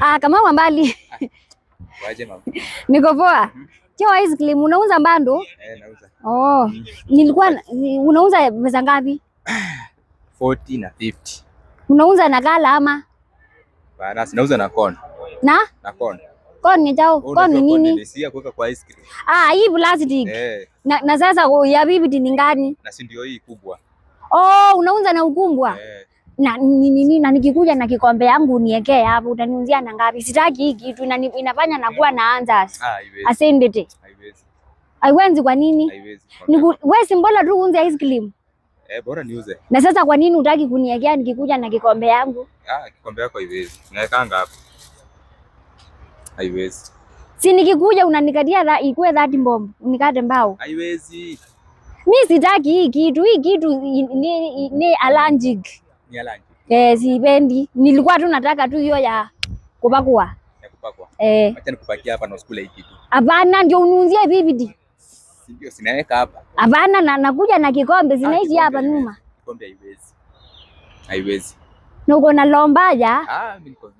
Ah, kama wa mbali. Waje mama. Niko poa. Cheo ice cream unauza mbando? Eh, nauza. Oh. Nilikuwa unauza pesa ngapi? 40 na 50. Unauza na gala ama? Bana, nauza na corn. Na? Na corn. Corn ni jao. Corn ni nini? Nilisia kuweka kwa ice cream. Ah, hii plastic. Eh. Na, na sasa oh, ya bibi ni ngani? Na si ndio hii kubwa. Oh, unauza na ukumbwa. Eh na nini na nikikuja na kikombe yangu uniekee hapo, utaniuzia na ngapi? Sitaki hii kitu na inafanya nakuwa naanza asendete. Haiwezi. Kwa nini? Wewe si mbona tu unze ice cream? Eh, bora niuze. Na sasa kwa nini utaki kuniekea nikikuja na kikombe yangu? Ah, kikombe yako haiwezi. Naekanga ngapi? Haiwezi. Si nikikuja unanikatia dha, ikue dhati mbombo, unikate mbao. Haiwezi. Mimi sitaki hii kitu, hii kitu ni, ni, ni allergic ya lunch? Eh, sipendi. Nilikuwa tu nataka tu hiyo ya kupakua. Ya kupakua. Eh. Acha nikupakia hapa na usikule hiki tu. Hapana, ndio ununuzie bibidi. Ndio sinaweka hapa. Hapana, na nakuja na kikombe zinaishi ah, hapa nyuma. Kikombe haiwezi. Haiwezi. Na uko na lombaya? Ah, mimi niko.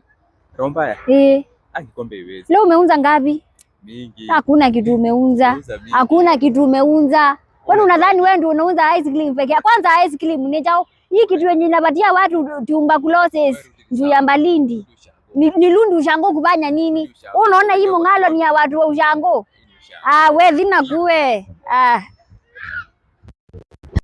Lombaya? Eh. Ah, kikombe haiwezi. Leo umeunza ngapi? Mingi. Hakuna kitu umeunza. Hakuna kitu umeunza. Kwani unadhani wewe ndio unauza ice cream pekee? Kwanza ice cream ni jao hii kitu yenye inapatia watu tuberculosis juu ya Malindi ni, ni lundu ushango kufanya nini? Unaona hii mung'alo ni ya watu wa ushango. Ah, we vina kuwe ah.